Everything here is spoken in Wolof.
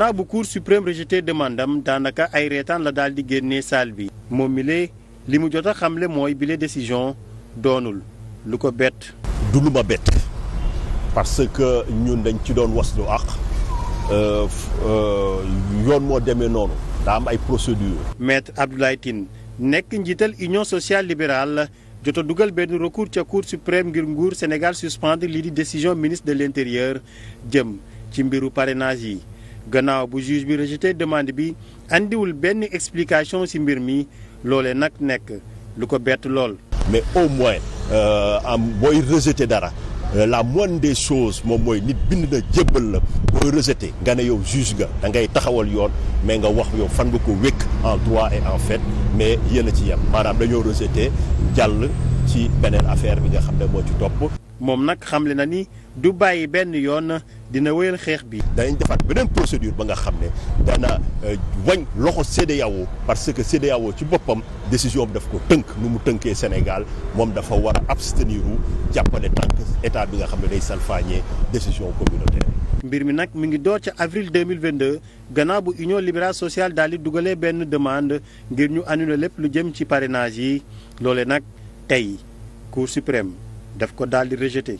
gannaaw bu cour suprême rejeté demandam daanaka ay daal di génnee salle bi moom mi li mu jot a xamle mooy bile décision doonul lu ko bett du lu parce que ñun dañ ci doon was lu àq yoon moo demee noonu am ay procédure maître Abdoulaye Tine nekk njiital union social libérale jot a dugal benn recours ca cour suprême ngir nguur Sénégal suspendre lii di décision ministre de l'intérieur jëm ci mbiru parrainage yi gannaaw bu juge bi rejeté demande bi indiwul benn explication ci mbir mi loole nag nekk lu ko bett lool. mais au moins euh, am booy rejeté dara euh, la moindre des choses moom mooy nit bind na jébbal la booy rejeté nga ne yow juge nga ngay taxawal yoon mais nga wax yow fan nga ko wékk en droit et en fait mais yéen a ci yem maanaam dañoo rejeté jàll. ci beneen affaire bi nga xam ne moo ci topp. moom nag xamle na ni du bàyyi benn yoon dina wéyal xeex bi. danañ defaat beneen procédure ba nga xam ne dana euh, wañ loxo CEDEAO parce que CEDEAO ci boppam décision bi daf ko tënk nu mu tënkee Sénégal moom dafa war a abstenir jàppale tànk état bi nga xam ne day salfaañee décision communautaire. mbir mi nag mu ngi door ca avril 2022 gannaaw bu union libérale social daal di dugalee benn demande ngir ñu annuler lépp lu jëm ci parrainage yi loole nag. tey cour suprême daf ko daal di rejeté